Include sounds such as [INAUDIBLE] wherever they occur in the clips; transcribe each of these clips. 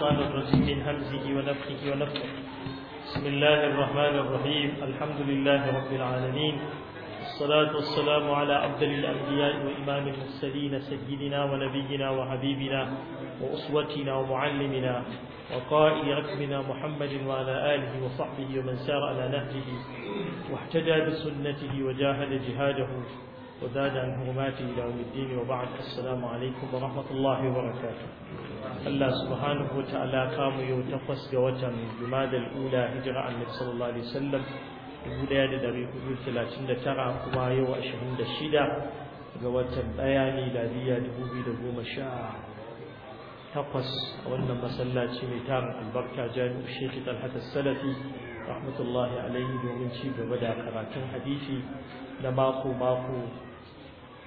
الشيطان الرجيم من همزه ونفخه ونفخه بسم الله الرحمن الرحيم الحمد لله رب العالمين الصلاة والسلام على أفضل الأنبياء وإمام المرسلين سيدنا ونبينا وحبيبنا وأسوتنا ومعلمنا وقائد ركبنا محمد وعلى آله وصحبه ومن سار على نهجه واحتدى بسنته وجاهد جهاده وزاد عن حرماته إلى يوم الدين وبعد السلام عليكم ورحمة الله وبركاته Allah subhanahu wa ta'ala kamu yau takwas ga watan Jumadal Ula hijira Annabi sallallahu alaihi wasallam 1439 kuma yau 26 ga watan daya miladiya 2018 a wannan masallaci mai tarin albarka jami'u Sheikh Talhat Salafi rahmatullahi alaihi domin ci gaba da karatun hadisi na mako mako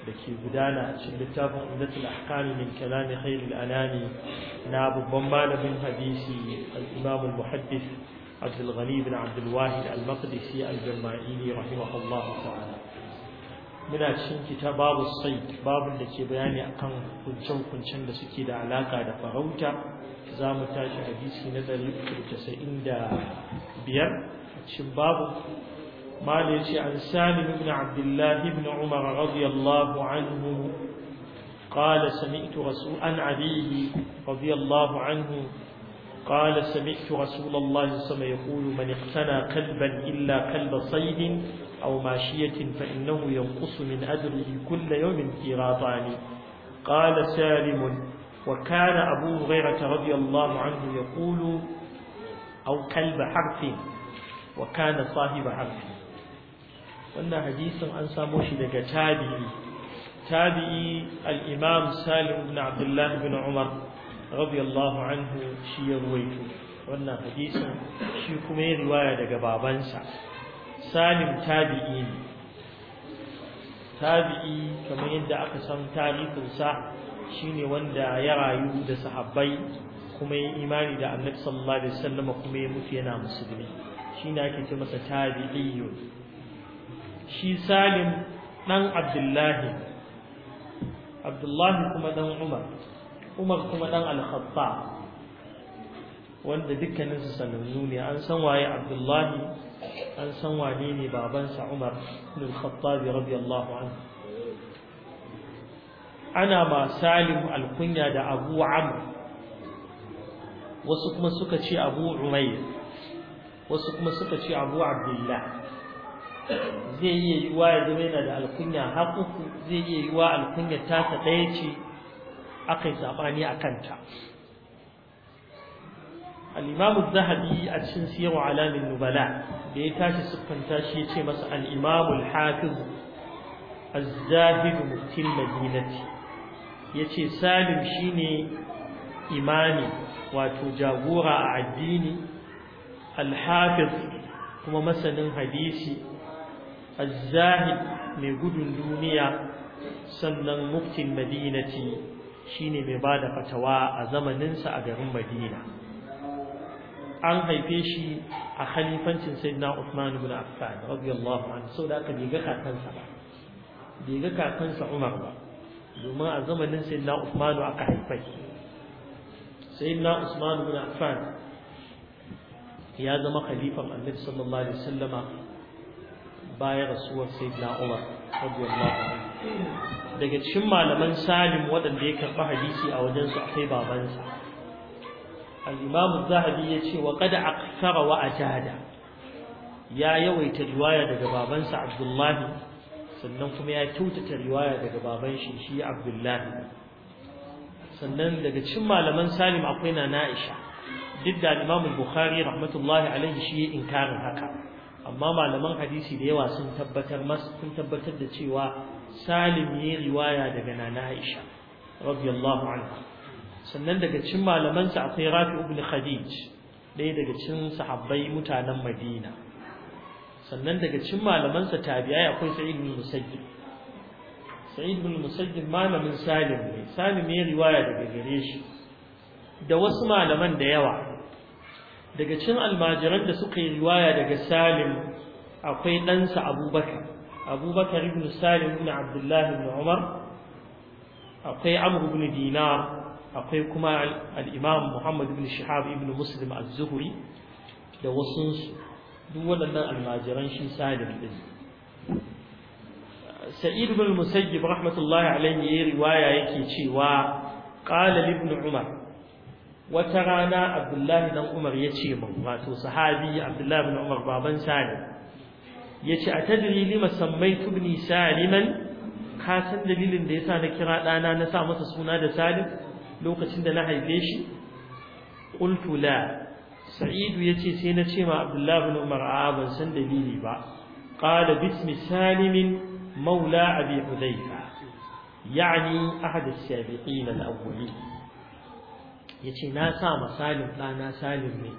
dake gudana a cikin littafin Umdatul Ahkam min kalam khairul anami na babban malamin hadisi al-Imam al-Muhaddith Abdul Ghani bin Abdul Wahid al-Maqdisi al-Jama'ili rahimahullah ta'ala muna cikin kitab babu sayd babun da ke bayani akan kuncin kuncin da suke da alaka da farauta za mu tashi hadisi na 195 shin babu ما ليش عن سالم بن عبد الله بن عمر رضي الله عنه قال سمعت رسول عن أبيه رضي الله عنه قال سمعت رسول الله صلى الله عليه وسلم يقول من اقتنى كلبا إلا كلب صيد أو ماشية فإنه ينقص من أجره كل يوم في قيراطان قال سالم وكان أبو هريرة رضي الله عنه يقول أو كلب حرف وكان صاحب حرف wannan hadisin an samo shi daga tabi'i tabi'i al-imam salim ibn abdullah ibn umar radiyallahu anhu shi ya ruwaito wannan hadisin shi kuma ya riwaya daga babansa salim tabi'i ne tabi'i kamar yadda aka san tarihinsa shine wanda ya rayu da sahabbai kuma ya imani da annabi sallallahu alaihi wasallam kuma ya mutu yana musulmi shine ake ce masa tabi'iyyun shi salim ɗan abdullahi abdullahi kuma ɗan umar umar kuma ɗan alhatta wanda dukkaninsu sanannu ne an san waye abdullahi an san wane ne babansa umar ibn al-khattabi radiyallahu anhu ana ma salim alkunya da abu amr wasu kuma suka ce abu umayr wasu kuma suka ce abu abdullah zai iya yiwa ya zama yana da alkunya har uku zai iya wa alkunya ta ɗaya ce aka yi saɓani a kanta al'imamu zahabi a cikin siyarwa alamin nubala da ya tashi siffanta shi ya ce masa al'imamul A azzahidu mutum madinati ya ce salim shi ne imani wato jagora a addini alhafiz kuma masanin hadisi az mai gudun duniya sannan muftin ce, shine mai bada fatawa a zamanin sa a garin Madina an haife shi a khalifancin sayyidina Uthman ibn Affan radiyallahu anhu saboda haka bai ga kakansa ba bai kakansa Umar ba domin a zamanin sayyidina Uthman aka haifa sayyidina Uthman ibn Affan ya zama khalifan Annabi sallallahu alaihi wasallama bayan rasuwar sayyidina Umar radiyallahu anhu daga cikin malaman Salim waɗanda ya karɓi hadisi a wajen su akwai babansa al-Imam zahabi ya ce wa qad akthara wa ajada ya yawaita riwaya daga babansa Abdullahi sannan kuma ya kyautata riwaya daga baban shi shi Abdullahi sannan daga cikin malaman Salim akwai na Aisha duk da Imam Bukhari rahmatullahi alaihi shi ya inkarin haka amma malaman hadisi da yawa sun tabbatar mas sun tabbatar da cewa Salim ne riwaya daga Nana Aisha radiyallahu anha sannan daga cikin malaman sa akwai Rafi ibn Khadij ɗaya daga cikin sahabbai mutanen Madina sannan daga cikin malaman sa tabi'ai akwai Sa'id ibn Musayyib Sa'id ibn Musayyib malamin Salim ne Salim ne riwaya daga gare shi da wasu malaman da yawa daga cin almajiran da suka yi riwaya daga salim akwai ɗansa abubakar abubakar ibn salim ibn abdullahi ibn umar akwai Amur ibn dinar akwai kuma al'imam Muhammad ibn Shihab ibn Muslim al-Zuhri da wasunsu duk waɗannan almajiran shi salim ɗin. Sa'id ibn Musayyib rahmatullahi alaihi ya riwaya yake cewa ƙala ibnu Umar wata rana abdullahi dan umar ya ce min wato sahabi abdullahi bin umar baban sani ya ce a tadiri lima sammai tubni saliman ka san dalilin da ya sa na kira ɗana na sa masa suna da salim lokacin da na haife shi qultu la sa'idu ya ce sai na ce ma abdullahi bin umar a ban san dalili ba qala bismi salimin maula abi hudayfa yani ahad as-sabiqin al-awwalin yace na sa ma salim ɗana salim ne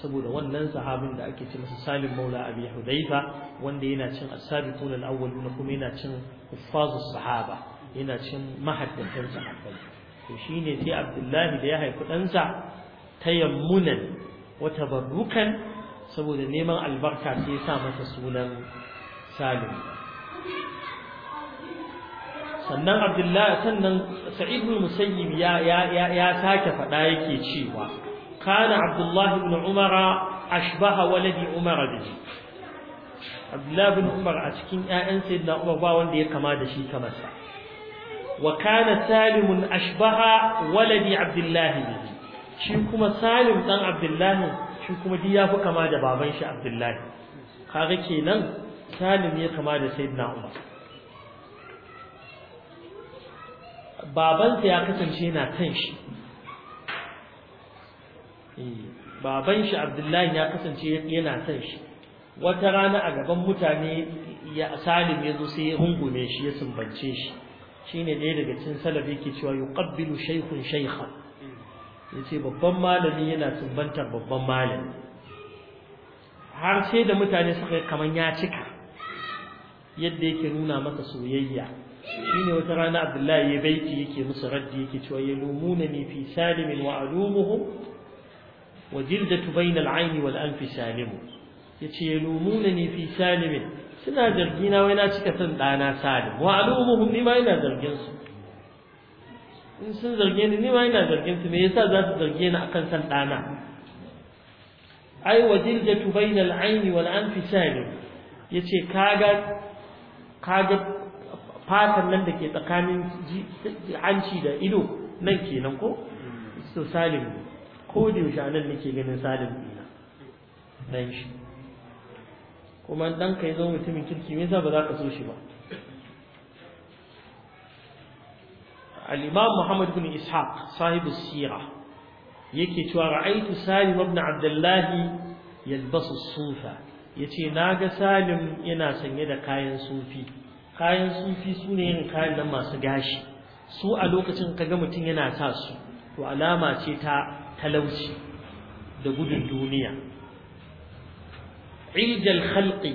saboda wannan sahabin da ake ce masa salim maula abi hudaifa wanda yana cin as-sabiqun al kuma yana cin huffazus sahaba yana cin mahaddatan sahabbai to shine sai abdullahi da ya haifi ɗansa tayammunan wa tabarrukan saboda neman albarka sai ya sa masa sunan salim sannan abdullahi sannan sa'id bin musayyib ya ya ya sake fada yake cewa kana abdullahi ibn umara ashbaha waladi umara bihi abdullahi ibn umar a cikin ƴaƴan sayyidina umar ba wanda ya kama da shi kamar sa wa kana salim ashbaha waladi abdullahi bihi shi kuma salim dan abdullahi shi kuma duk ya fi kama da baban shi abdullahi kaga kenan salim ya kama da sayyidina umar babansa ya kasance yana kan shi eh, baban shi abdullahi ya kasance yana son shi wata rana a gaban mutane ya salim ya zo sai ya hungume shi ya sumbance shi shine ɗaya daga cikin salaf yake cewa yuqabbilu shaykhun shaykha yace babban malami yana sumbantar babban malami har sai da mutane suka kamar ya cika yadda yake nuna masa soyayya ne wata rana abdullahi ya baiti yake musu raddi yake cewa ya lumuna ni fi salimin wa alumuhu wa jildatu bainal aini wal anfi salimu ce ya lumuna ni fi salimin suna na wai na cika son ɗana salim wa alumuhum ni ma ina zargin su in sun zarge ni ni ma ina zargin su me yasa za su zarge ni akan san ɗana ai wa jildatu bainal aini wal anfi salim yace kaga kaga fatan nan da ke tsakanin hanci da ido nan kenan ko so salim ko da yaushe nan nake ganin salim dina dan shi kuma dan kai zo mutumin kirki me yasa ba za ka so shi ba al-imam Muhammad bin Ishaq sahibu sira yake cewa ra'aitu Salim ibn Abdullah yalbasu sufa yace naga Salim yana sanye da kayan sufi kayan sufi su ne yin kayan nan masu gashi su a lokacin ka ga mutum yana sa su to alama ce ta talauci da gudun duniya iljal khalqi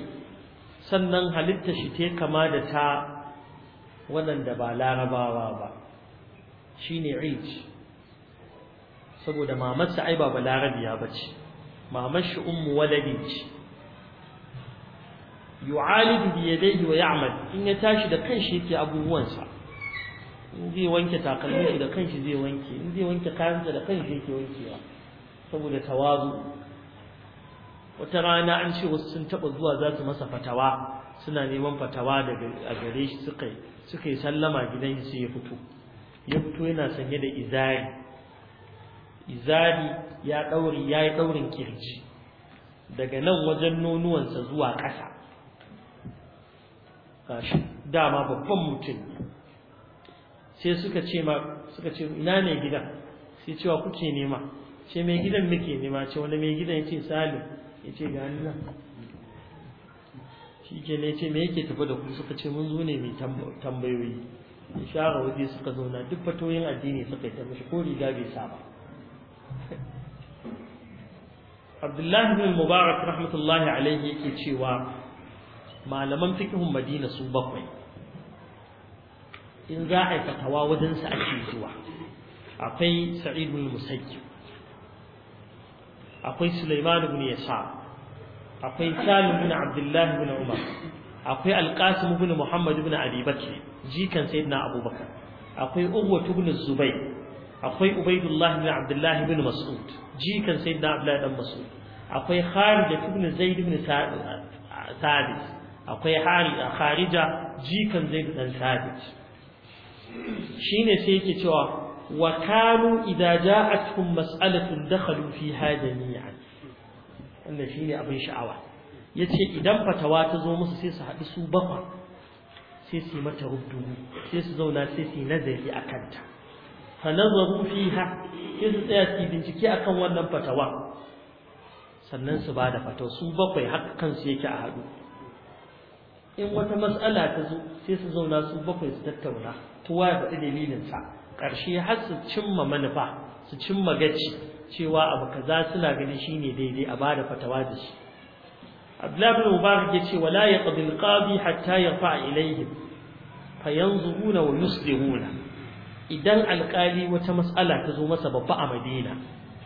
sannan halitta shi te kama da ta waɗanda ba larabawa ba shine ij saboda mamarsa ai ba balarabiya bace ce shi ummu waladi ce yu'alidu bi yadayhi wa ya'mal in ya tashi da kanshi yake abubuwansa in zai wanke takalmin shi da kanshi zai wanke in zai wanke kayansa da kanshi yake wankewa saboda tawazu wata rana an ce wasu sun taba zuwa za su masa fatawa suna neman fatawa daga a gare shi suka suka sallama gidan shi sai ya fito ya fito yana sanye da izari izari ya dauri ya yi daurin kirji daga nan wajen nonuwansa zuwa ƙasa gashi dama babban mutum sai suka ce ma suka ce ina ne gidan sai cewa kuke nema ce mai gidan muke nema ce wani mai gidan yace salim yace ga Allah shi ke ne ce me yake tafi da ku suka ce mun zo ne mai tambayoyi ya share waje suka zauna duk fatoyin addini suka yi ta mishi ko riga bai sa ba Abdullahi bin Mubarak rahmatullahi alaihi yake cewa malaman fikihun madina su bakwai in za a yi fatawa wajensa ake zuwa akwai sa'id bin musayyib akwai sulaiman ibn yasa akwai salim bin Abdullahi ibn umar akwai alqasim ibn muhammad ibn abi bakr jikan sayyidina abubakar akwai urwa ibn zubayr akwai ubaidullah ibn Abdullahi ibn mas'ud jikan sayyidina Abdullahi ibn mas'ud akwai khalid ibn zaid ibn thabit akwai hari a kharija jikan zai dan sabit shine sai yake cewa wa kanu idza ja'atuhum mas'alatun dakhalu hada jami'an wannan shine abin sha'awa yace idan fatawa ta zo musu sai su haɗu su bakwai sai su mata rubdu sai su zauna sai su nazari a kanta fa nazaru fiha sai su tsaya su bincike akan wannan fatawa sannan su bada fatawa su bakwai haka kansu yake a haɗu in wata matsala ta zo sai su zauna su bakwai su tattauna tuwa ya faɗi dalilinsa ƙarshe har su cimma manufa su cimma gaci cewa abu kaza suna ganin shine daidai a bada fatawa da shi Abdullah ibn Mubarak yace wala yaqdi al-qadi hatta yarfa ilayhim fayanzuruna wa yuslihuna idan alƙali wata matsala ta zo masa babba a Madina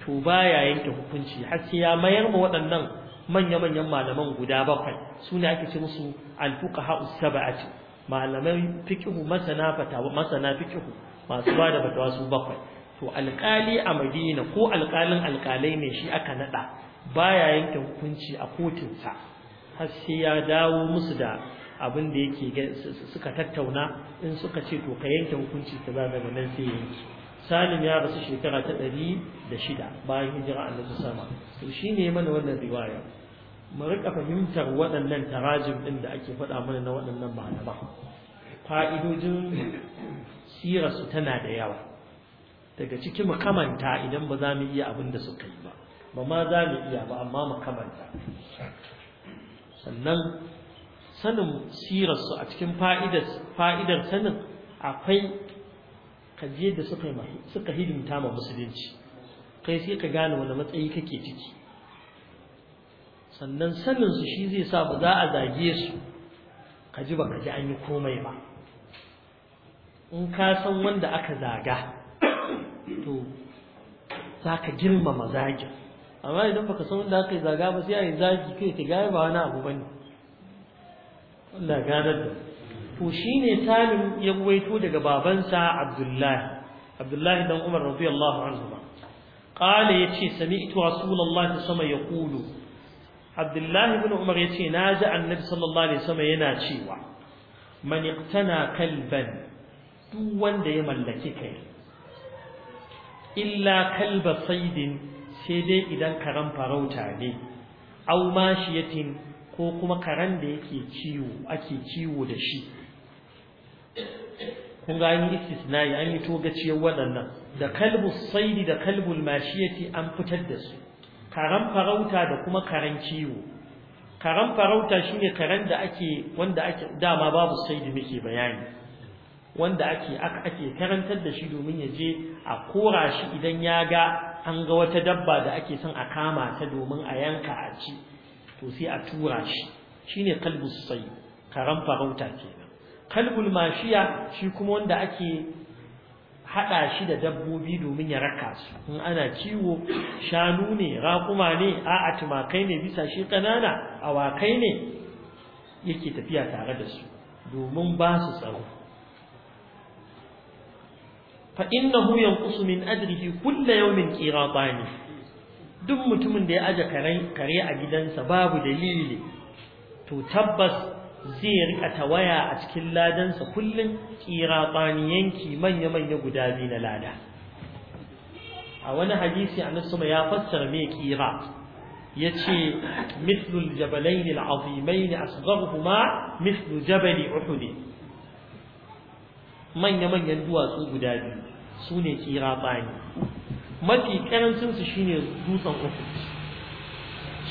to baya yanke hukunci har sai ya mayar ma waɗannan manya-manyan malaman guda bakwai suna ake ce musu alfuka fuqaha saba'ati malaman fikihu masana fatawa masana fikihu masu ba da fatawa su bakwai to alƙali a Madina ko alƙalin alƙalai ne shi aka nada baya yanke hukunci a sa har sai ya dawo musu da abin da yake suka tattauna in suka ce to ka yanke hukunci ta ba daga nan sai yanke salim ya rasu shekara ta ɗari da shida bayan hijira a nasu sama to shi ne mana wannan riwaya mu rika fahimtar waɗannan tarajim ɗin da ake faɗa mana na waɗannan ba fa'idojin su tana da yawa daga ciki mu idan ba za mu iya abin da suka yi ba ba ma za mu iya ba amma mu kamanta sannan sanin sirarsu a cikin fa'idar sanin akwai kaje da suka yi suka hidimta ma musulunci kai sai ka gane wani matsayi kake ciki sannan sanin su shi zai sa ba za a zage su ka ji ba ka ji an yi komai ba in ka san wanda aka zaga to za ka girmama zagin amma idan baka san wanda aka yi zaga ba sai a yi zagi kai ta gaya ba wani abu bane Allah ganar da mu to shine salim ya ruwaito daga babansa abdullahi abdullahi dan umar radiyallahu anhu qala yace sami'tu rasulullahi sama ya yaqulu abdullahi bin umar ya ce na ji annabi sallallahu alaihi sama yana cewa man iqtana kalban duk wanda ya mallaki kai illa kalba saidin sai dai idan karan farauta ne aw mashiyatin ko kuma karan da yake ciwo ake ciwo da shi kun an yi istisnai an yi togaciyar waɗannan da kalbu saidi da kalbul mashiyati an fitar da su karan farauta da kuma karan ciwo. karan farauta shine karan da ake wanda ake dama babu saidi muke bayani wanda ake ake karantar da shi domin ya je a kora shi idan ya ga an ga wata dabba da ake son a kama ta domin a yanka a ci to sai a tura shi shine kalbu saidi karan farauta kenan kalbul mashiya shi kuma wanda ake haɗa shi da dabbobi domin ya raka su in ana ciwo shanu ne raƙuma ne a'a tumakai ne bisa shi ƙanana awakai ne yake tafiya tare da su domin ba su tsaro fa innahu yanqusu min ajrihi kullu yawmin qiratani duk mutumin da ya aje kare a gidansa babu dalili to tabbas zai rika tawaya a cikin ladansa kullum kira Yanki manya-manya guda biyu na lada a wani hadisi a nasu ya fassara mai kira ya ce mislul jabalai ne ne a kuma mislu jabali ne. manya-manyan duwatsu guda biyu su ne kira tsani mafi karancinsu shine dutsen uku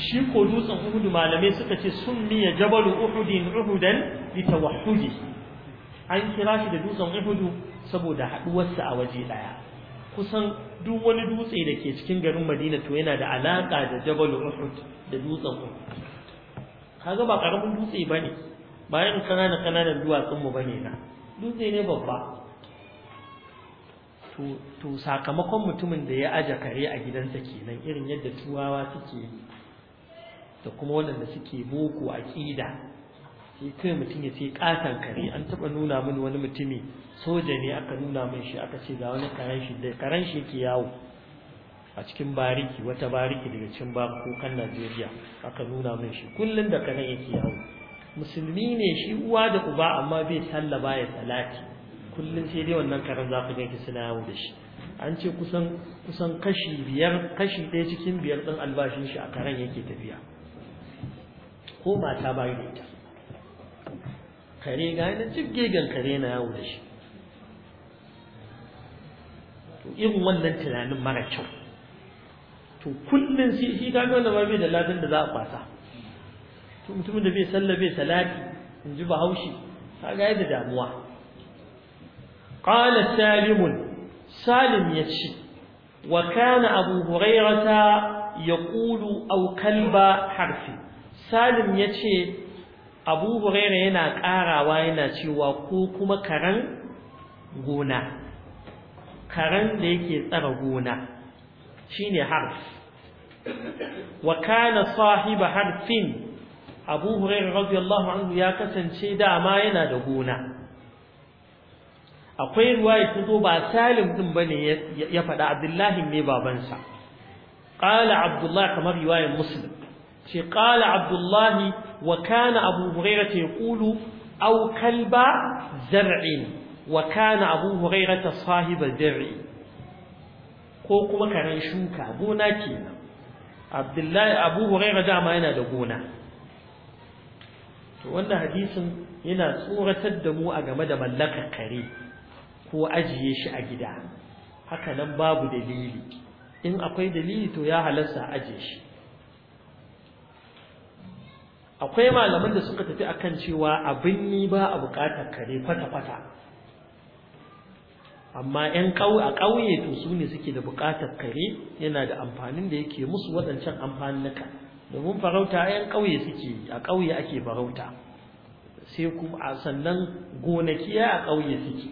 shi ko dutsen Uhud malamai suka ce miya jabalu Uhudin Uhudan li tawahhudi an kira shi da dutsen Uhud saboda sa a waje daya kusan duk wani dutse da ke cikin garin Madina to yana da alaka da jabalu Uhud da dutsen Uhud kaga ba karamin dutse bane bayan kanana kananan duwatsun mu bane na dutse ne babba to sakamakon mutumin da ya aja kare a gidansa kenan irin yadda tuwawa suke yi da kuma waɗanda suke boko ƙida sai kai mutum ya ce ƙaton kare an taɓa nuna min wani mutumi soja ne aka nuna min shi aka ce ga wani karen da karen ke yawo a cikin bariki wata bariki daga cikin kan Najeriya aka nuna min shi kullum da karen yake yawo musulmi ne shi uwa da uba amma bai sallaba ya salati kullum sai dai wannan karen za ku ganki suna yawo da shi an ce kusan kusan kashi biyar kashi ɗaya cikin biyar ɗin albashin shi a karen yake tafiya ko mata bayi da ita kare ga yana jiggigan kare na yawo da shi to irin wannan tunanin mara kyau to kullum sai shi gano da ba bai da ladan da za a kwasa to mutumin da bai sallah bai salati in ji bahaushe ga yadda damuwa qala salim salim yace wa kana abu hurairata yaqulu aw kalba harfi salim ya ce abu huraira yana ƙarawa yana cewa ko kuma karen gona karen da yake tsara gona shine harf wa kana sahiba harfin abu huraira radiyallahu anhu ya kasance dama yana da gona akwai ruwa ya fito ba salim din ne ya faɗa abdullahi ne babansa ƙala Abdullahi kamar riwayar musulun. ce abdullahi wa kana abu ya yaqulu au kalba zar'in wa kana abu hurairah sahiba zar'i ko kuma karen shuka gona kenan abdullahi abu hurairah dama yana da gona to wannan hadisin yana tsoratar da mu a game da mallakar kare ko ajiye shi a gida haka nan babu dalili in akwai dalili to ya halasta ajiye shi akwai malaman da suka tafi akan cewa abin ni ba a bukatar kare fata-fata, amma yan a ƙauye to su ne suke da bukatar kare yana da amfanin da yake musu waɗancan amfanuka domin farauta yan ƙauye suke a ƙauye ake farauta sai kuma sannan gonaki a ƙauye suke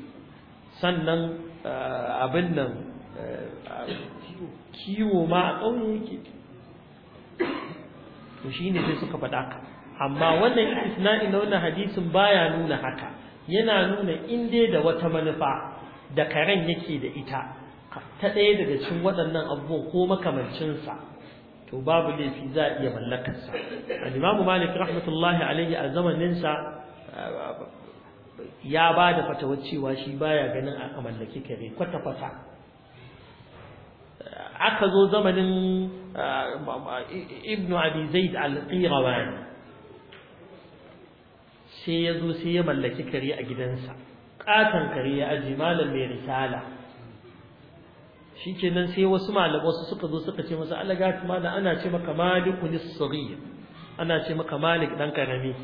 sannan abin nan kiwo ma a ƙauye yake to shi ne sai suka faɗa ka amma wannan istisna'i na wannan hadisin baya nuna haka yana nuna in dai da wata manufa da karen yake da ita ta ɗaya daga cikin waɗannan abubuwan ko makamancinsa to babu laifi za a iya mallakarsa al-imamu malik rahmatullahi alaihi a zamaninsa eh, ya ba da fatawar cewa shi baya ganin a mallaki kare kwata-kwata aka zo zamanin eh, ibnu abi zaid al-qirawani sai ya zo sai ya mallaki kare a gidansa ƙaton kare ya aji malam mai risala shi nan sai wasu malam wasu suka zo suka ce masa alaga malam ana ce maka maliku nisri ana ce maka malik dan karami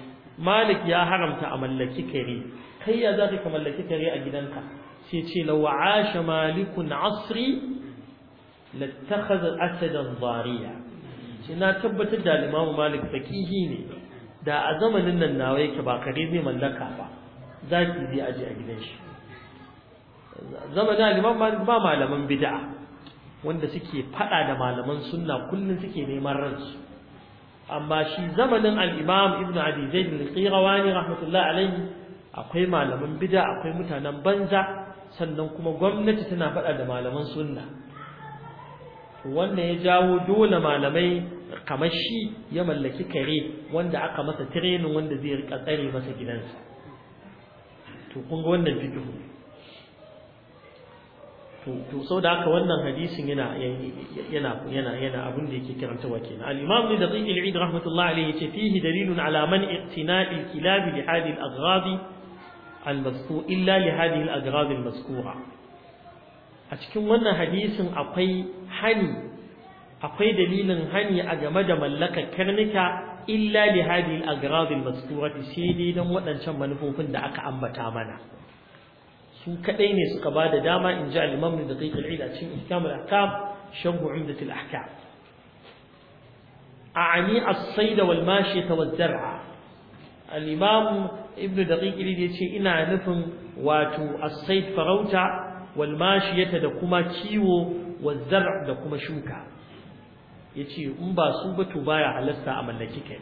malik ya haramta a mallaki kare kai ya za ka mallaki kare a gidanka sai ce law asha malikun asri lattakhadha asadan zariya shi na tabbatar da limamu malik fakihi ne da a zamanin nan nawa yake ba kare zai mallaka ba zaki zai aje a gidan shi zamanin liman ba malaman bid'a wanda suke fada da malaman sunna kullun suke neman ransu amma shi zamanin al-Imam Ibn Abi Zayd al-Qirawani rahmatullahi alayhi akwai malaman bid'a akwai mutanen banza sannan kuma gwamnati tana fada da malaman sunna wanda ya jawo dole malamai kamar shi ya mallaki kare wanda aka masa tirenin wanda zai rika tsare masa gidansa to kun wannan fikihu to to sau da haka wannan hadisin yana yana yana yana abin da yake karanta wa na. al-imam ibn daqiq al-eid rahmatullahi alayhi yace fihi dalilun ala man iqtina'i al-kilab li hadhihi al al-mazkur illa li hadhihi al-aghradi a cikin wannan hadisin akwai hani akwai dalilin hani a game da mallakar karnuka illa li hadhihi al-aghrad al-mazkurati sai dai dan waɗancan manufofin da aka ambata mana su kadai ne suka bada dama in ji al-imam da daqiq al-eid a cikin ihkam al-ahkam shan umdat al-ahkam a'ani as-sayd wal-mashi waz al-imam ibn daqiq al-eid yace ina nufin wato as-sayd farauta wal-mashiyata da kuma kiwo waz-zar' da kuma shuka yace in ba su ba to baya halasta a mallaki kare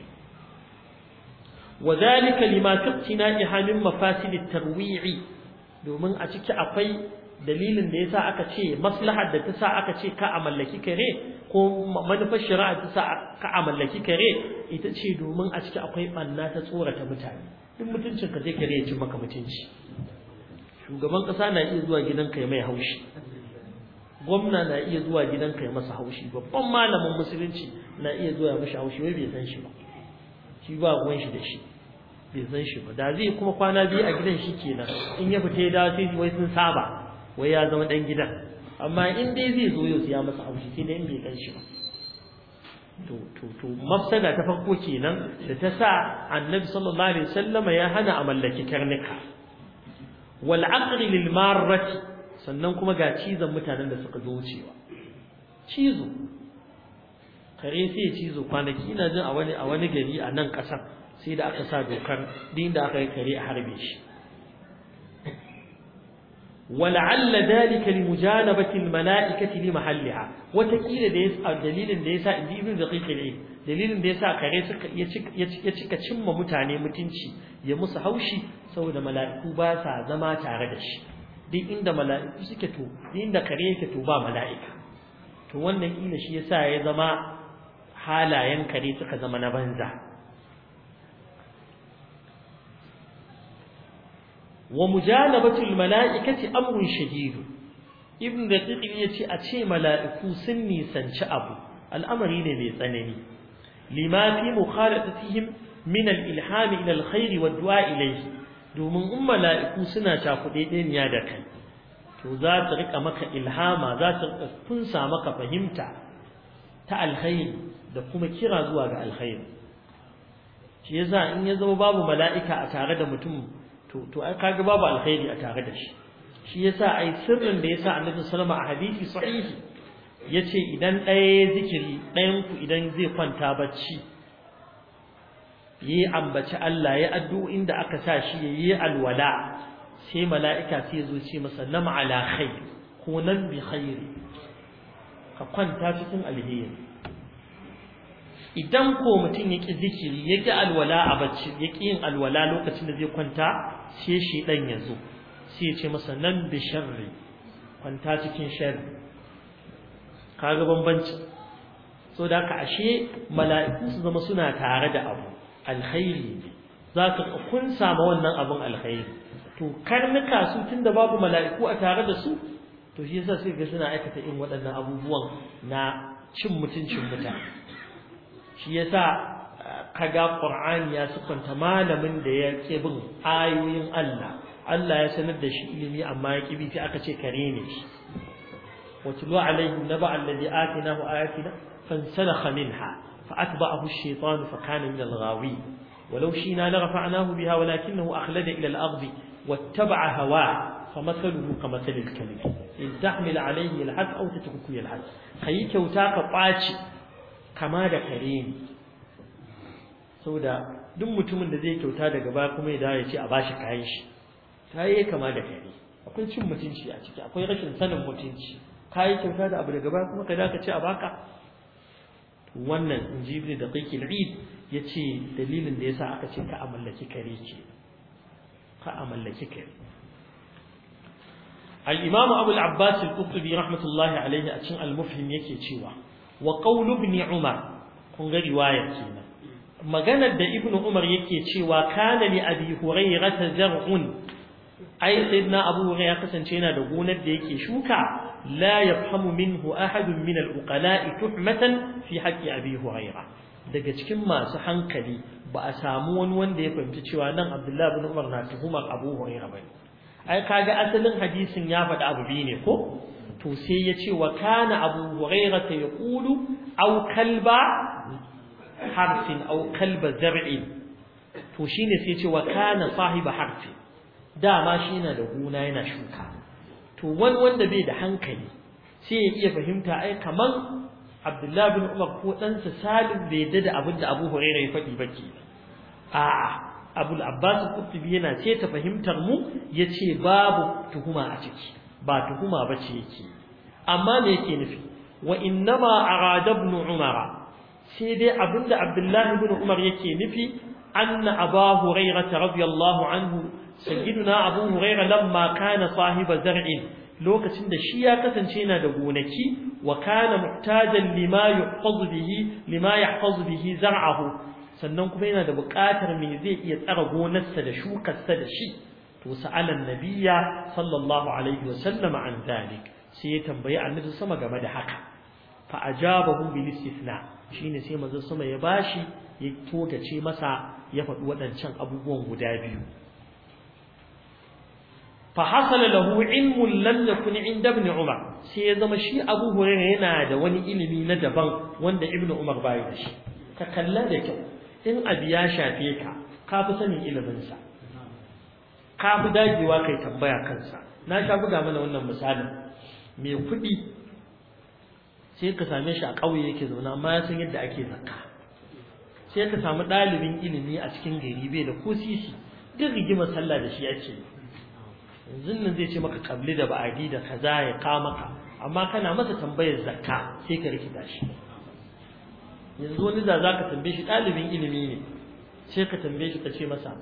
lima na ihamin من مفاسد tarwii domin a ciki akwai dalilin da yasa aka ce maslahar da ta sa aka ce ka a mallaki kare ko manufar shari'a ta sa ka a mallaki kare ita ce domin a ciki akwai banna ta tsorata mutane duk mutuncin ka zai kare ya ci maka mutunci shugaban kasa na iya zuwa gidanka ya mai haushi gwamna na iya zuwa gidanka ya masa haushi babban malamin musulunci na iya zuwa ya masa haushi wai bai san shi ba shi ba gwan shi da shi bai san shi ba da zai kuma kwana biyu a gidan shi kenan in ya fita ya dawo sai wai sun saba wai ya zama dan gidan amma in dai zai zo yau ya masa haushi sai dai in bai gan shi ba to to to mafsada ta farko kenan da ta sa annabi sallallahu alaihi wasallama ya hana a mallaki karnuka wal aqli lil marrati sannan kuma ga cizon mutanen da suka zo wucewa cizo kare sai cizo kwanaki ina jin a wani a wani gari a nan ƙasar sai da aka sa dokar din da aka yi kare a harbe shi wala'alla dalika li mujanabati almala'ikati li mahalliha wata kila da yasa dalilin da yasa indi ibn daqiq ne dalilin da yasa kare suka ya cika cimma mutane mutunci ya musu haushi saboda mala'iku ba sa zama tare da shi duk inda mala'iku suke to inda kare yake to ba mala'ika to wannan kila shi yasa ya zama halayen kare suka zama na banza wa mujalabatul mala'ikati amrun shadid ibn daqiq yace a ce mala'iku sun nisanci abu al'amari ne mai tsanani lima fi mukhalatatihim min al-ilham ila al-khair wa du'a ilayhi domin in mala'iku suna cakuɗe ɗaniya da kai to za ta riƙa maka ilhama za ta riƙa kunsa maka fahimta ta alhain da kuma kira zuwa ga alhain shi yasa in ya zama babu mala'ika a tare da mutum to to ai kaga babu alkhairi a tare da shi shi ya a ai sirrin da ya yasa nufin salama a hadisi sahihi ce idan ɗaya ya zikiri ɗayan ku idan zai kwanta bacci yi ambaci Allah ya addu'o'in da aka sa shi yi alwala sai mala'ika sai zo ce masa nam ala khair ko nan bi khairi ka kwanta cikin alheri idan ko mutum ya ƙi zikiri ya ƙi alwala a bacci ya ƙi yin alwala lokacin da zai kwanta sai shi ɗan ya zo sai ya ce masa nan bi sharri kwanta cikin sharri kaga bambanci so da ka ashe mala'iku su zama suna tare da abu alkhairi ne za ka kun samu wannan abin alkhairi to karnuka su tunda babu mala'iku a tare da su to shi yasa sai ga suna aikata irin waɗannan abubuwan na cin mutuncin mutane shi yasa eh, kaga Qur'ani ya sukanta malamin da ya ke bin ayoyin Allah Allah ya sanar da shi ilimi amma ya kibi sai aka ce kare ne shi واتلو عليهم نبع الذي آتناه آياتنا فانسلخ منها فأتبعه الشيطان فكان من الغاوي ولو شئنا لرفعناه بها ولكنه أخلد إلى الأرض واتبع هواه فمثله كمثل الكلب إن تحمل عليه الحد أو تتركه يلحد خيك وتاك قاتش كما دا كريم سودا duk mutumin da zai kyauta daga baya kuma ya dawo ya ce a bashi kayan shi ta yi kama da kare akwai cin mutunci a ciki akwai rashin sanin mutunci kai kyauta da abu daga baya kuma kai da ka ce a baka wannan in ji ibn daqiq al-eid yace dalilin da yasa aka ce ka amallaki kare ka amallaki kare al-imam abu al-abbas rahmatullahi alayhi a cikin al-mufhim yake cewa wa qawl umar kun ga riwayar kenan maganar da ibn umar yake cewa kana li abi hurairah zar'un ai sayyidina Abu Hurairah ya kasance yana da gonar da yake shuka la yafhamu minhu ahadun min al-uqala'i tuhmatan fi haqqi Abi Hurairah daga cikin masu hankali ba a samu wani wanda ya fahimci cewa nan Abdullah ibn Umar na tuhumar Abu Hurairah bane ai kaga asalin hadisin ya faɗi abu biyu ne ko to sai ya ce wa kana Abu Hurairah yaqulu aw kalba harfin aw kalba zar'in to shine sai ya ce wa kana sahiba harfin dama shi yana da gona yana shuka to wani wanda bai da hankali sai ya iya fahimta ai kaman Abdullahi bin Umar ko ɗansa Salim bai yadda da abin da Abu Huraira ya faɗi ba ke a'a Abul Abbas Qutbi yana sai ta fahimtar mu yace babu tuhuma a ciki ba tuhuma bace yake amma me yake nufi wa innama arada ibn Umar sai dai abinda Abdullah ibn Umar yake nufi anna Abu Hurairah radiyallahu anhu sayyiduna abu hurairah lamma kana sahiba zar'in lokacin da shi ya kasance yana da gonaki wa kana muhtajan lima yuhfazu bihi lima yahfazu bihi zar'ahu sannan kuma yana da buƙatar me zai iya tsara gonarsa da shukarsa da shi to sa'alan nabiyya sallallahu alaihi wa sallama an sai ya tambayi annabi sama game da haka fa ajabahu bil istithna shine sai manzo sama ya bashi ya togace masa ya faɗi waɗancan abubuwan guda biyu fa له علم لم يكن عند inda عمر umar sai ya zama shi yana da wani ilimi na daban wanda ibn umar bai da shi ka kalla da kyau in abi ya shafe ka ka fi sanin ilimin sa ka fi dajewa kai tambaya kansa na sha buga mana wannan misalin mai kuɗi sai ka same shi a ƙauye yake zauna amma ya san yadda ake zakka sai ka samu ɗalibin ilimi a cikin gari bai da ko sisi duk rigimar sallah da shi ake yi yanzu nan zai ce maka kabli da ba'adi da kaza ya ka maka amma kana masa tambayar zakka sai ka rikita shi yanzu wani za ka tambaye shi ɗalibin ilimi ne sai ka tambaye shi ka ce masa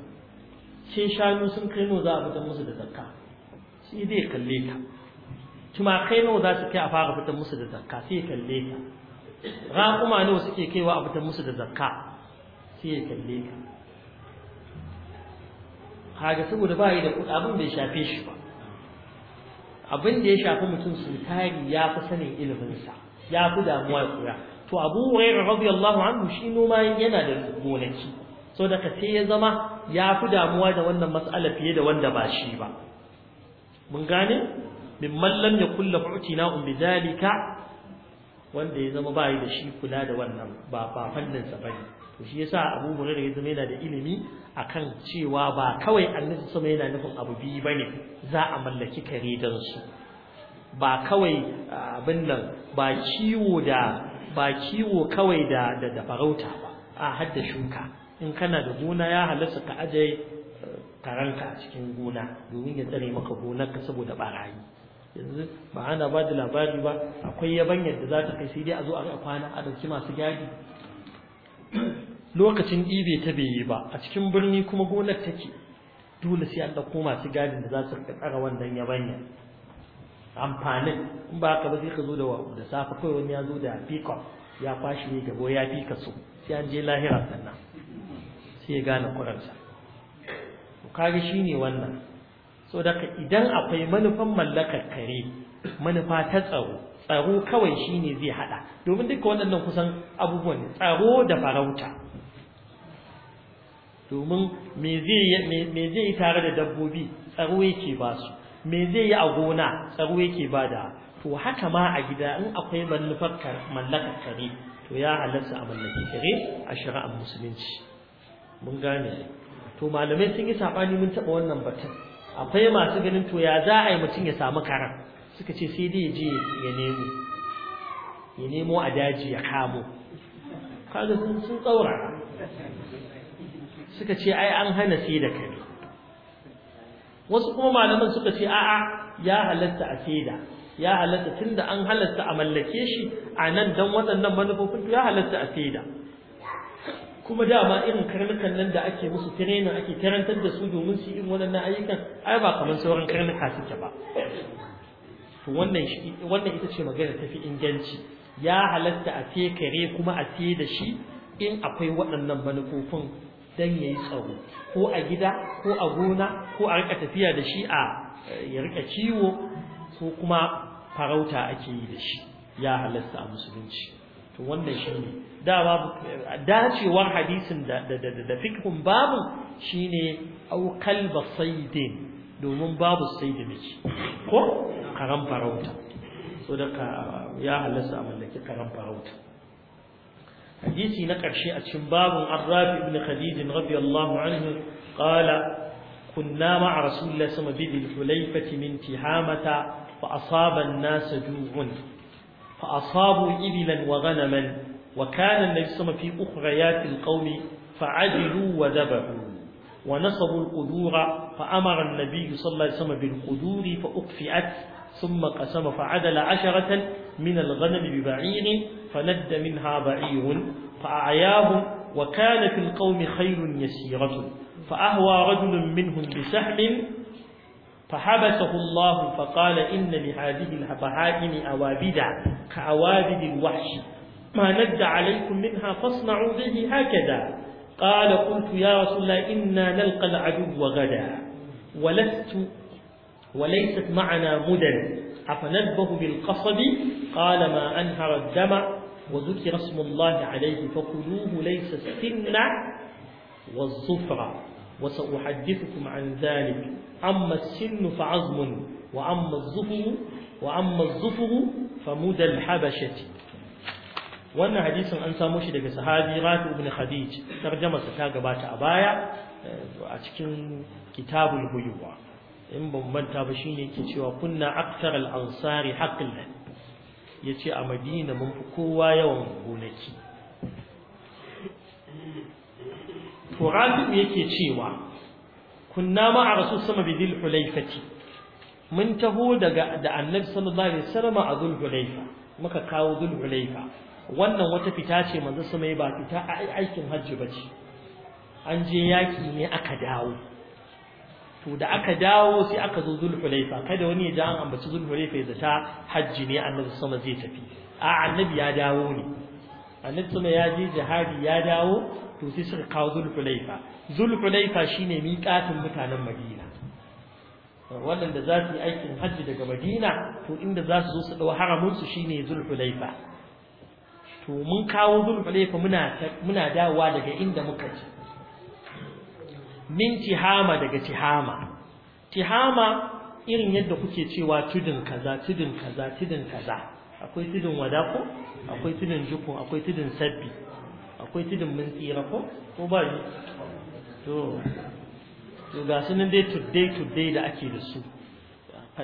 sai shanu sun kai nawa za a fitar musu da zakka sai zai kalle ka Kuma kai nawa za su kai a fara fitar musu da zakka sai ya kalle ka raƙuma nawa suke kaiwa a fitar musu da zakka sai ya kalle ka kaga saboda ba yi da kuɗi abin bai shafe shi ba abin da ya shafi mutum sultani tari ya fi sanin iliminsa ya fi damuwa ya koya to abu hurairah radiyallahu anhu shi noma yana da gonaki so da sai ya zama ya fi damuwa da wannan mas'ala fiye da wanda ba shi ba mun gane ya lam yakul lahu itina'un bidhalika wanda ya zama ba yi da shi kula da wannan ba ba fannin sa bane to shi yasa Abu Hurairah ya zama yana da ilimi akan cewa ba kawai Annabi sama yana nufin abu biyu bane za a mallaki kare dan su ba kawai abin nan ba kiwo da ba kiwo kawai da da farauta ba a hadda shuka in kana da gona ya halasta ka aje eh, karanka a cikin gona domin ya tsare maka gonarka saboda barayi yanzu ba ana ba da labari ba akwai yabanyar da za ta kai sai dai a zo a kwana a dauki masu gadi lokacin ɗibe ta bai yi ba a cikin birni kuma gonar take dole sai an ɗauko masu gadin da za su tsara wannan yabanya amfanin in ba ka ba sai ka zo da da safe kawai wani ya zo da fikon ya fashi ne gabo ya fi ka so sai an je lahira sannan sai ya gane kuransa to shi shine wannan so daga idan akwai manufan mallakar kare manufa ta tsaro tsaro kawai shine zai haɗa. domin duka wannan kusan abubuwan tsaro da farauta domin me zai yi tare da dabbobi tsaro yake ba su me zai yi a gona tsaro yake ba da to haka ma a gida in akwai manufar mallakar kare to ya halarta a mallaki kare a shari'ar musulunci mun gane to malamai sun yi sabani mun taba wannan batun akwai masu ganin to ya za a yi mutum ya samu karan suka ce sai dai je ya nemo ya nemo a daji ya kamo kaga sun tsaurara suka ce ai an hana sai da kare wasu kuma malaman suka ce a'a ya halatta a saida ya halatta tunda an halatta a mallake shi a nan dan waɗannan manufofin ya halatta a saida kuma dama irin karnukan nan da ake musu training ake karantar da su domin su irin waɗannan ayyukan ai ba kamar sauran karnuka suke ba to wannan wannan ita ce magana tafi inganci ya halatta a kare kuma a da shi in akwai waɗannan manufofin dan yayi tsaro, ko a gida ko a gona ko a rika tafiya da shi a eh, ya rika ciwo ko kuma farauta ake yi da shi ya halasta a musulunci to wannan da babu dacewar hadisin da fikhun babu shine au kalba saidin domin babu saidi miki ko karam farauta so da ya halasta a mallaki karan farauta حديثي نقر أتشم باب عن بن خديج رضي الله عنه قال كنا مع رسول الله صلى الله عليه وسلم من تهامة فأصاب الناس جوع فأصابوا إبلا وغنما وكان النبي صلى الله عليه وسلم في أخريات القوم فعجلوا وذبحوا ونصبوا القدور فأمر النبي صلى الله عليه وسلم بالقدور فأكفئت ثم قسم فعدل عشرة من الغنم ببعير فند منها بعير فأعياهم وكان في القوم خير يسيرة فأهوى رجل منهم بسهم فحبسه الله فقال إن لهذه الهبهائم أوابدا كأوابد الوحش ما ند عليكم منها فاصنعوا به هكذا قال قلت يا رسول الله إنا نلقى العدو غدا ولست وليست معنا مدن أفنبه بالقصب قال ما أنهر الدم وذكر اسم الله عليه فكلوه ليس السن والظفر وسأحدثكم عن ذلك أما السن فعظم وأما الظفر وأما الظفر فمدى الحبشة wannan hadisin an samo shi daga sahabi Rafi ibn Khadij tarjama sa ta gabata a baya a cikin kitabul buyuwa in ban manta ba shine yake cewa kunna aktar al-ansari ya ce a Madina mun fi kowa yawan gonaki to yake cewa kunna ma a rasu sama bi hulaifati mun taho daga da annabi sallallahu alaihi a dul hulaifa muka kawo dul hulaifa wannan wata fita ce manzo sama ba fita aikin hajji ba ce. an je yaki ne aka dawo to da aka dawo sai aka zo zulhulaifa kada wani ya ji an ambaci zulhulaifa ya zata hajji ne annabi sama zai tafi a annabi ya dawo ne annabi sama ya je jihadi ya dawo to sai suka kawo zulhulaifa zulhulaifa shine miƙatin mutanen madina waɗanda za su yi aikin hajji daga madina to inda za su zo su ɗau haramin su shine zulhulaifa to mun kawo zulhulaifa muna muna dawowa daga inda muka ji min tihama daga tihama tihama irin yadda kuke cewa tudun kaza tudun kaza tudun kaza akwai tudun wada ko akwai tudun jukun akwai tudun sabbi akwai tudun mun tsira ko ko ba ni to to ga sunan dai today today da ake da su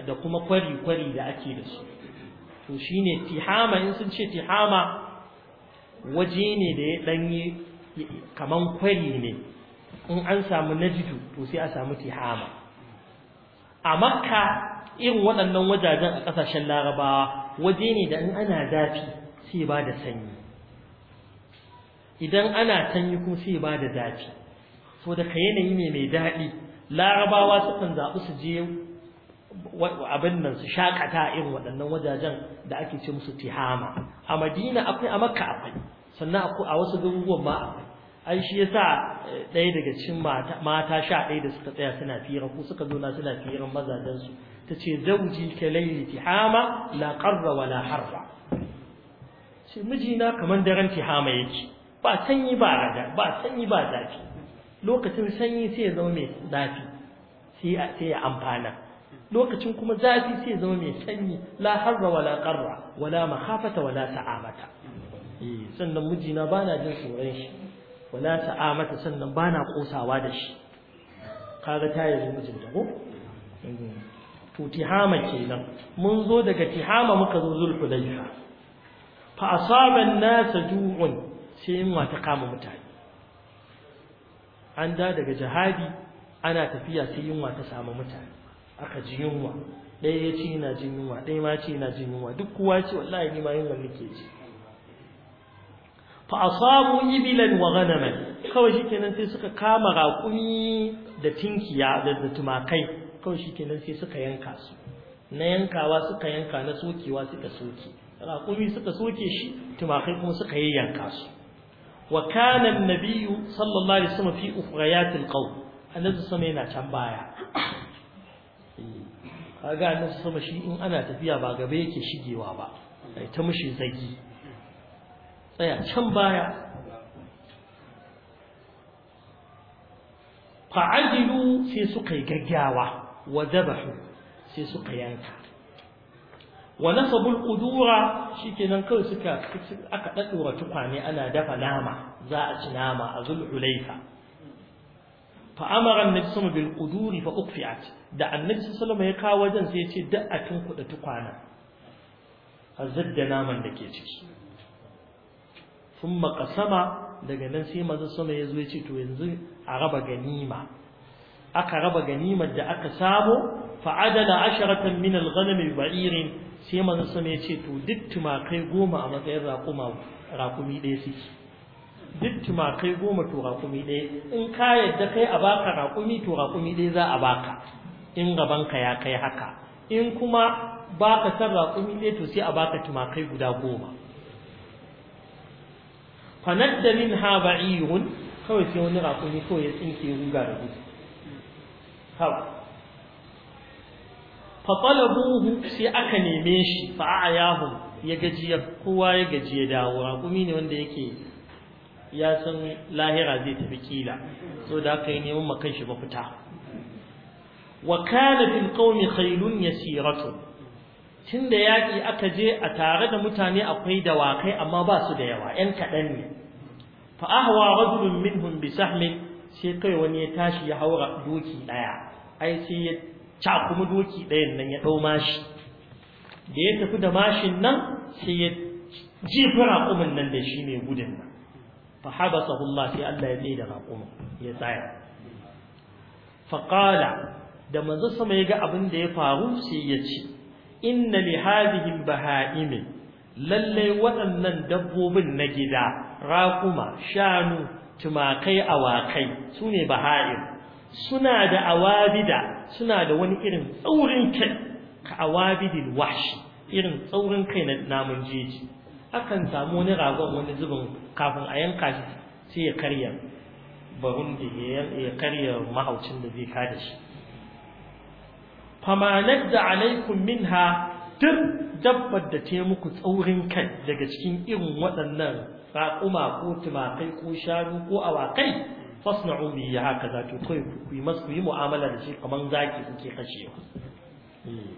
da kuma kwari kwari da ake da su to shine tihama in sun ce tihama waje ne da ya danyi kaman kwari ne in an samu najidu to sai a samu tihama a makka irin waɗannan wajajen a ƙasashen larabawa waje ne da in ana zafi sai ba da sanyi idan ana sanyi kuma sai ba da zafi so da ka yanayi ne mai daɗi larabawa sukan zaɓi su je abin nan su shakata irin waɗannan wajajen da ake ce musu tihama a madina akwai a makka akwai sannan a wasu garuruwan ma akwai ai shi yasa eh, ɗaya daga cikin mata sha ɗaya da suka tsaya suna fira ko suka zo na suna firan mazajen su ta ce zauji ka laili tihama la qarra wa la harra ce mijina kamar daren tihama yake ba sanyi ba raga ba sanyi ba zafi lokacin sanyi sai ya zama mai zafi sai ya amfana lokacin kuma zafi sai ya zama mai sanyi la harra wa la wala wa la makhafata wa la sa'amata eh, sannan mijina bana jin tsoron shi wala mata sannan bana kosawa da shi kaga ta yi mijinta ko to tihama kenan mun zo daga tihama muka zo zulhulaifa fa asaba an-nas ju'un sai yunwa ta kama mutane an da daga jihadi ana tafiya sai yunwa ta samu mutane aka ji yunwa ɗaya ya ce ina jin yunwa ɗaya ma ce ina jin yunwa duk kowa ce wallahi ni ma yunwa nake ji fa asabu ibilan wa ghanaman kawai shikenan sai suka kama raƙumi da tinkiya da tumakai kawai shikenan sai suka yanka su na yankawa suka yanka na sokewa suka soke raƙumi suka soke shi tumakai kuma suka yi yanka su wa kana annabiyyu sallallahu alaihi wasallam fi ufrayatil qawm annabi sama yana can baya kaga annabi sama shi in ana tafiya ba gaba yake shigewa ba ai ta mushi zagi tsaya can baya fa'adilu sai suka yi gaggawa wa zabahu sai suka yanka wa nasabul qudura shikenan kawai suka aka daddora tukwane ana dafa nama za a ci nama a zulhulaifa fa amara annabi sama bil quduri fa uqfiat da annabi sallallahu ya kawo wajen sai ya ce da a tunkuda tukwana naman da ke ciki sun makasama daga nan sai manzo sama ya zo ya ce to yanzu a raba ganima aka raba ganimar da aka samu fa'adala asharatan min al-ghanam ba'irin sai manzo sama ya ce to duk tumakai goma a matsayin raƙuma raƙumi ɗaya suke duk tumakai goma to raƙumi ɗaya in ka yadda kai a baka raƙumi to raƙumi ɗaya za a baka in ka ya kai haka in kuma baka san raƙumi ɗaya to sai a baka tumakai guda goma fanadda minha ba'irun kawai sai wani rakumi kawai ya tsinke guga da gudu hawa fatalabuhu sai aka neme shi yahu ya gaji kowa ya gaji ya dawo rakumi ne wanda yake ya san lahira zai tafi kila so da aka yi neman makan shi mafita wa kana fil qaumi khaylun yasiratu tun da yaƙi aka je a tare da mutane akwai dawakai amma ba su da yawa ‘yan kaɗan ne fa ahwa rajulun minhum bi sahmin sai kai wani ya tashi ya haura doki ɗaya ai sai ya cakumi doki ɗayan nan ya ɗau mashi da ya tafi da mashin nan sai ya jefi raƙumin nan da shi mai gudun nan fa habasahu Allah sai Allah ya tsaye da raƙumin ya tsaya fa qala da manzo sama ya ga abin da ya faru sai ya ce inna li hadhihi baha'im lalle waɗannan dabbobin na gida raquma shanu tumakai awakai sune baha'im suna da awabida suna da wani irin tsaurin kai ka awabidil wahshi irin tsaurin kai na namun jeji akan samu wani ragon wani zubin kafin a yanka shi sai ya karya barun da ya karya mahaucin da zai kada shi fama nadda alaikum minha duk dabbar da ta muku tsaurin kai daga cikin irin waɗannan raƙuma ko tumakai ko shanu ko awakai fasna'u bi ya haka za to kai ku yi masu yi mu'amala da shi kamar zaki kuke kashewa hmm.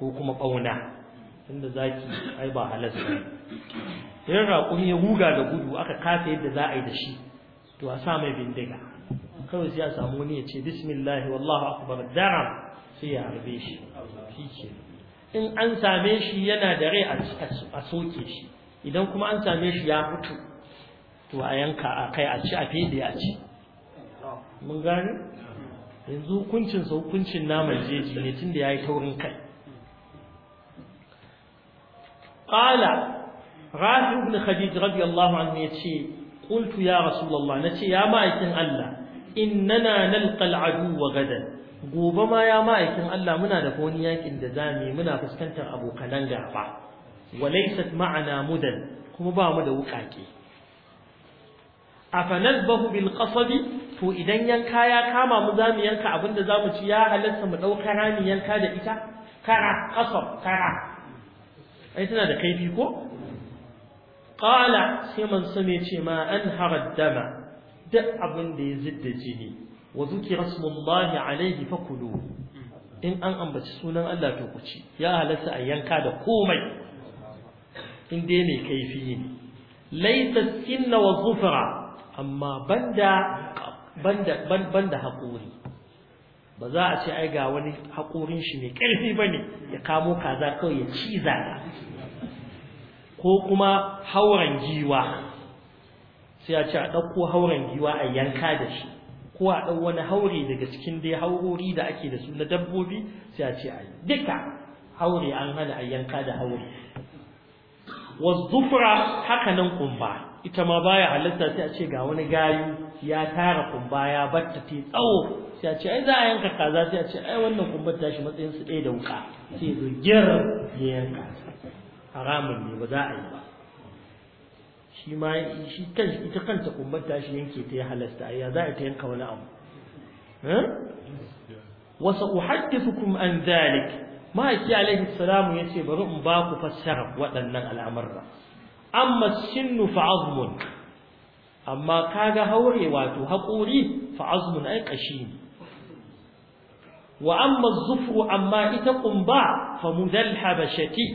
ko kuma ƙauna tunda zaki ai ba halasta yin raƙumi ya huga da gudu aka kafa yadda za a yi da shi to a sa mai bindiga kawai sai a samu wani ya ce bismillahi wallahu akbar daram sai ya shi in an same shi yana da rai a soke shi idan kuma an same shi ya mutu to a yanka a kai a ci a fede a ci mun gane yanzu hukuncin sa hukuncin naman jeji ne tunda yayi taurin kai qala rafi ibn khadij radiyallahu anhu yace qultu ya rasulallah na ce ya ma'aikin Allah innana nalqa al'adu wa gadan gobe ma ya ma'aikin Allah muna da wani yakin da zamu muna fuskantar abokanan gaba walaysat ma'ana mudan kuma ba mu da wukake bahu bil qasabi to idan yanka ya kama mu zamu yanka abinda zamu ci ya halatta mu dauka rami yanka da ita kara qasab kara ai tana da kaifi ko qala sai man sune ce ma an harad duk abin da ya zidda jini wa zukira smullahi alaihi fakulu in an ambaci sunan Allah to ku ci ya halatta a yanka da komai in dai mai kaifi ne Laita sinna wa zufra amma banda banda banda ba za a ce ai ga wani haƙorin shi mai ƙarfi bane ya kamo kaza kawai ya ciza ko kuma hauren giwa sai a ce a ɗauko hauren giwa a yanka da shi ko a ɗan wani haure daga cikin dai haurori da ake da su na dabbobi sai a ce a yi duka haure an hana a yanka da haure wazzufra haka nan kumba ita ma baya halatta sai a ce ga wani gayu ya tara kumba ya batta ta tsawo sai a ce ai za a yanka kaza sai a ce ai wannan kumbar tashi matsayin su ɗaya da wuka sai zo gyar ya yanka haramun ne ba za a yi ba shi ma shi kan ita kanta kumbar shi yanke ta ya halasta ya za ta yanka wani abu eh? wasa uhaddithukum an dhalik ma'aiki alaihi salamu yace bari in ba ku fassara waɗannan al'amarra amma sinnu fa azmun amma kaga haure wato haƙuri fa azmun ai kashi ne wa amma zufru amma ita kumba fa mudal habashati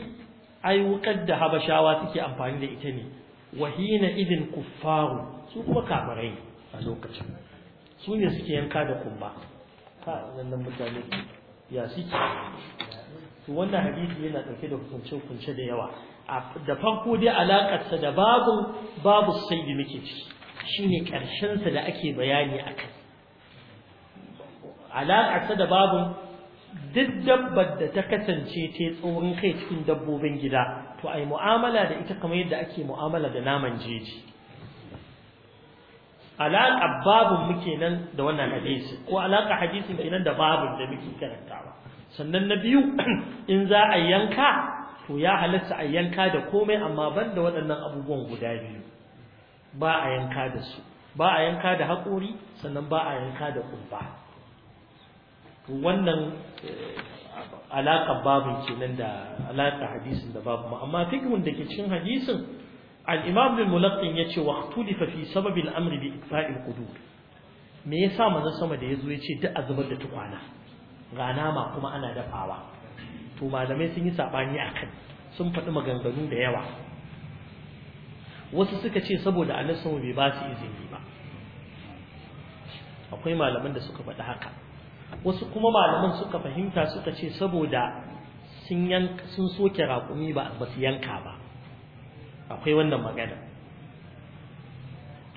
ai wukar da habashawa suke amfani da ita ne wahina idin kuffaru su kuma kafirai a lokacin su ne suke yanka da kumba ka wannan mutane ya suke to wannan hadisi yana ɗauke da hukunce-hukunce da yawa da farko dai alaƙarsa da babu babu sai da muke ciki shine ƙarshensa da ake bayani a kai alaƙarsa da babu duk dabbar da ta kasance ta tsoron kai cikin dabbobin gida to ai mu'amala da ita kamar yadda ake mu'amala da naman jeji alaƙa babin muke nan da wannan hadisi ko alaƙa hadisin kenan da babin da muke karantawa sannan na biyu [CLEARS THROAT] in za a yanka to ya halatta a yanka da komai amma ban da waɗannan abubuwan guda biyu ba a yanka da su ba a yanka da haƙori sannan ba a yanka da ƙumba wannan eh, alaka babu kenan da alaka hadisin da babu ma amma fikihun da ke cikin hadisin al-imam bin mulaqqin yace wa ikhtulifa fi sababi al-amr bi al qudur me yasa manzon sama da yazo yace duk azubar da tukwana ga nama kuma ana dafawa to malamai sun yi sabani akan sun faɗi maganganu da yawa wasu suka ce saboda annabi bai ba su izini ba akwai malaman da suka faɗi haka wasu kuma malaman suka fahimta suka ce saboda sun soke raƙumi ba ba su yanka ba akwai wannan magana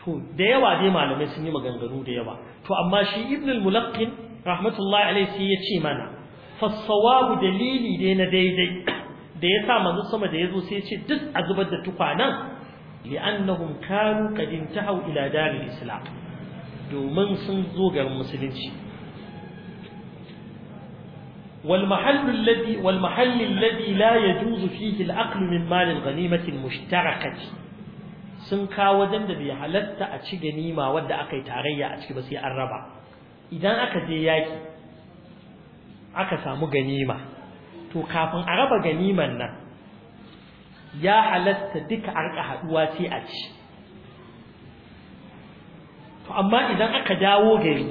to da yawa dai malamai sun yi maganganu da yawa to amma shi ibnul al-mulaqqin rahmatullahi alaihi sai ya ce mana fasawabu dalili dai na daidai da ya sa manzo sama da yazo sai ya ce duk a zubar da tukwanan li'annahum kanu qad intahu ila dalil islam domin sun zo garin musulunci والمحل الذي والمحل الذي لا يجوز فيه الأقل من مال الغنيمة المشتركة sun kawo wajen da bai halatta a ci ganima wadda aka yi tarayya a ciki ba sai an raba idan aka je yaki aka samu ganima to kafin a raba ganiman nan ya halatta duka an ka haduwa sai a ci to amma idan aka dawo gari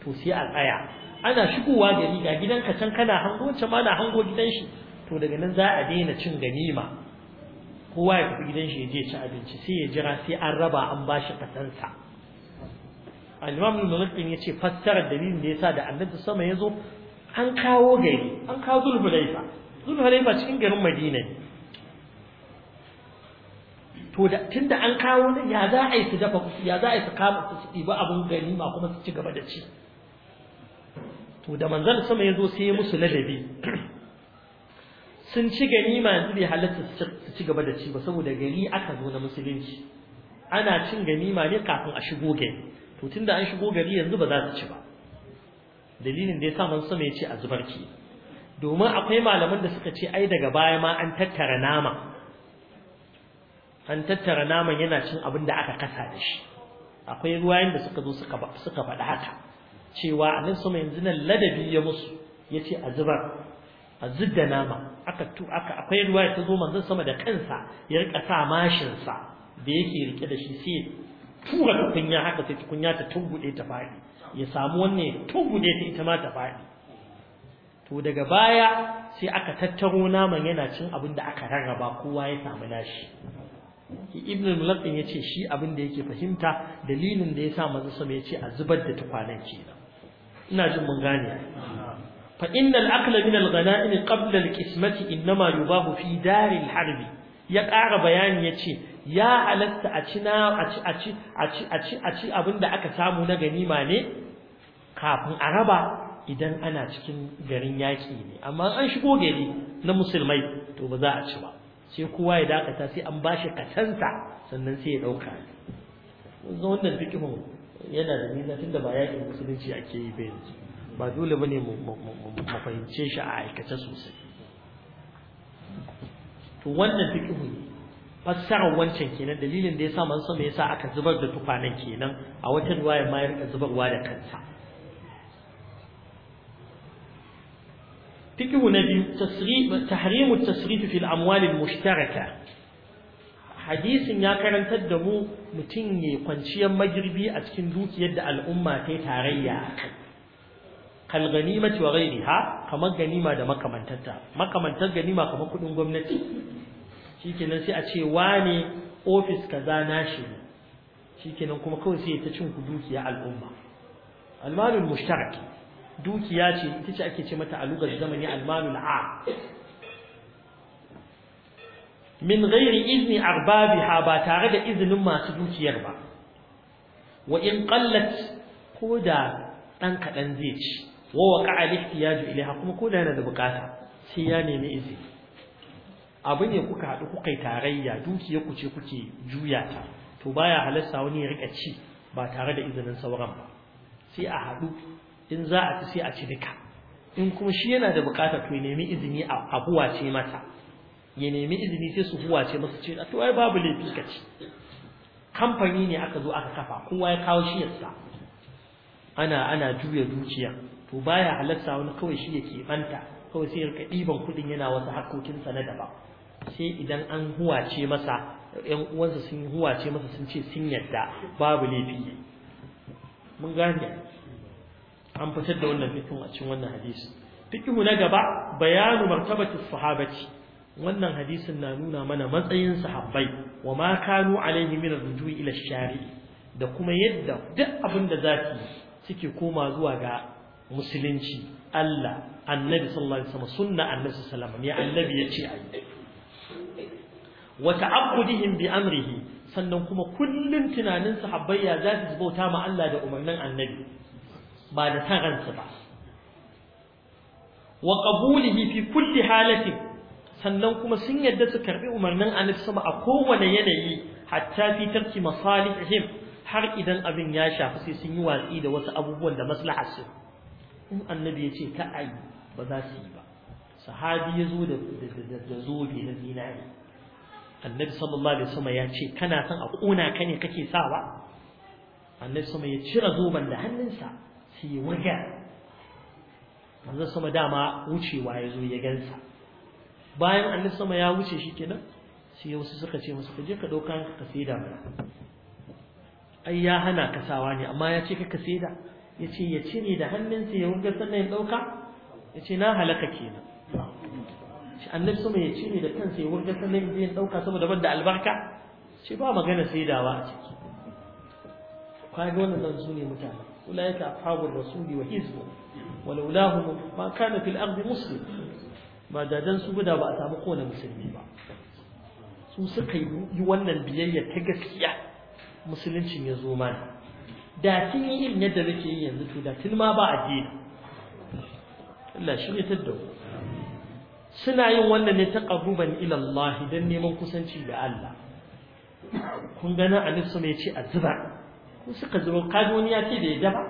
to sai a tsaya ana shigowa gari ga gidanka can kana hango wacce ma na hango gidan shi to daga nan za a daina cin ganima kowa ya tafi gidan shi ya je ci abinci sai ya jira sai an raba an bashi kasansa al-imam al-malik ya ce dalilin da yasa da annabi sama ya zo an kawo gari an kawo zulhulaifa zulhulaifa cikin garin madina ne to da tunda an kawo ya za a yi su dafa ya za a yi su kama su ɗiba abin ganima kuma su ci gaba da ci to da manzon sama ya zo sai ya musu ladabi sun ci ganima yanzu bai halatta su ci gaba da ci ba saboda gari aka zo na musulunci ana cin ganima ne kafin a shigo gari to tunda an shigo gari yanzu ba za su ci ba dalilin da ya sa manzon sama ya ce a zubar domin akwai malaman da suka ce ai daga baya ma an tattara nama an tattara naman yana cin abin da aka kasa da shi akwai ruwayen da suka zo suka faɗa haka cewa nan sama yanzu nan ladabi ya musu ce a zubar a zidda nama aka tu aka akwai ruwa ta zo manzon sama da kansa ya rika sa mashin sa da yake rike da shi sai tura tukunya haka sai tukunya ta tungude ta fadi ya samu wanne tungude ta ita ma ta fadi to daga baya sai aka tattaro naman yana cin abin da aka rarraba kowa ya samu nashi ibn al ya ce shi abin da yake fahimta dalilin da ya sa manzo sama yace a zubar da tukwanan kenan ina jin mun gane fa innal aqla min al-ghanaim qabla al-qismati inma yubahu fi dar al-harbi ya ƙara bayani ya halatta a ci na a ci a ci a ci a ci a ci abinda aka samu na ganima ne kafin a raba idan ana cikin garin yaƙi ne amma an shigo gari na musulmai to ba za a ci ba sai kowa ya dakata sai an bashi katanta sannan sai ya ɗauka wannan fikihun yana da nisa tunda ba yakin musulunci ake yi ba yanzu ba dole bane mu fahimce shi a aikace sosai to wannan fiqhu ne fassarar wancan kenan dalilin da yasa manzo me yasa aka zubar da tukwanen kenan a wata riwaya ma ya rika zubarwa da kansa fiqhu na biyu tahrimu tasrif fil al mushtaraka hadisin ya karantar da mu mutum ya kwanciyar magirbi a cikin dukiyar da al'umma ta tarayya a kai kal ganima wa ha kamar ganima da makamantarta makamantar ganima kamar kudin gwamnati shikenan sai a ce wane za kaza shi ne shikenan kuma kawai sai ta cin ku dukiya al'umma almalul mushtarak dukiya ce ita ce ake ce mata a lugar zamani almalul a min ghairi izni arbabiha ba tare da izinin masu dukiyar ba wa in qallat ko dan kadan zai ci wa waqa al-ihtiyaju ilaiha kuma ko yana da bukata sai ya nemi izini abin ya kuka haɗu kuka yi tarayya dukiyar ku ce kuke juya ta to baya halasta wani ya rika ci ba tare da izinin sauran ba sai a haɗu in za a ci sai a ci duka in kuma shi yana da bukata to ya nemi izini a abuwa ce mata ya nemi izini sai su huwace masu ce to ai babu laifi ka ci kamfani ne aka zo aka kafa kowa ya kawo shi yasa ana ana juya dukiya to baya halatta wani kawai shi yake banta kawai sai rika ɗiban kuɗin yana wasu sa na daban sai idan an huwace masa yan uwansa sun huwace masa sun ce sun yadda babu laifi mun gane an fitar da wannan fikin a cikin wannan hadisi fikihu na gaba bayanu martabatu sahabati wannan hadisin na nuna mana matsayin sahabbai wa ma kanu alaihi min ar-rujui ila shari'i da kuma yadda duk abin da zaki suke koma zuwa ga musulunci Allah annabi sallallahu alaihi wasallam sunna annabi sallallahu alaihi wasallam ya annabi ya ce ayi wa ta'aqqudihim bi amrihi sannan kuma kullun tunanin sahabbai ya zasu bauta ma Allah da umarnin annabi ba da san ba wa qabulihi fi kulli halatin sannan kuma sun yadda su karbi umarnin annabi sama a kowane yanayi hatta fi tarki masalihim har idan abin ya shafi sai sun yi watsi da wasu abubuwan da maslaha su in annabi ya ce ka ayi ba za su yi ba sahabi ya zo da zobe na zinari annabi sallallahu alaihi wasallam ya ce kana son a kona ka ne kake sawa annabi sama ya cire zoben da hannunsa sai ya waga manzon sama dama wucewa ya zo ya gansa bayan annabi sama ya wuce shi kenan sai wasu suka ce masa ka je ka dauka ka saida ai ya hana kasawa ne amma ya ce ka ka saida ya ce ya cire da hannunsa ya wurga sannan ya ɗauka. ya ce na halaka kenan shi annabi sama ya cire da kansa ya wurga sannan ya ɗauka saboda banda albarka ce ba magana saidawa a ciki kaga wannan su ne mutane ulaika ashabur rasuli wa hizbu ولولاهم ما كان في الأرض مسلم ba da su guda ba a samu kowane musulmi ba su suka yi wannan biyayya ta gaskiya musuluncin ya zo mana da kin yi irin yadda nake yi yanzu to da tun ma ba a addini Allah shirye ta da suna yin wannan ne ta qaruban ila Allah dan neman kusanci da Allah kun gana annabi sama ya ce a zuba ko suka zuba kaji wani ya ce da ya daba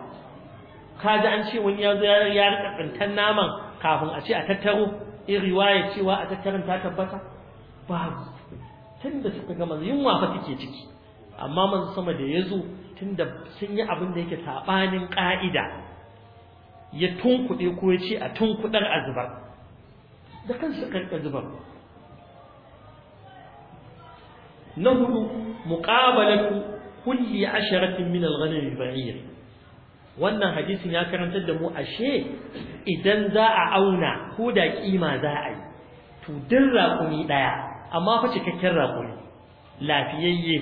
kaji an ce wani ya zo ya rika tsintan naman kafin a ce a tattaro in riwaya cewa a tattara ta tabbata babu tun da suka gama yunwa fa take ciki amma manzo sama da yazo tun da sun yi abin da yake sabanin ka'ida ya tunkuɗe ko ya ce a tunkuɗar azubar da kansu ɗan zubar na hudu muqabalatu kulli asharatin min al-ghanam ba'ir wannan hadisin ya karantar da mu ashe idan za a auna ko da kima za a yi to din raƙumi ɗaya amma fa cikakken raƙumi lafiyayye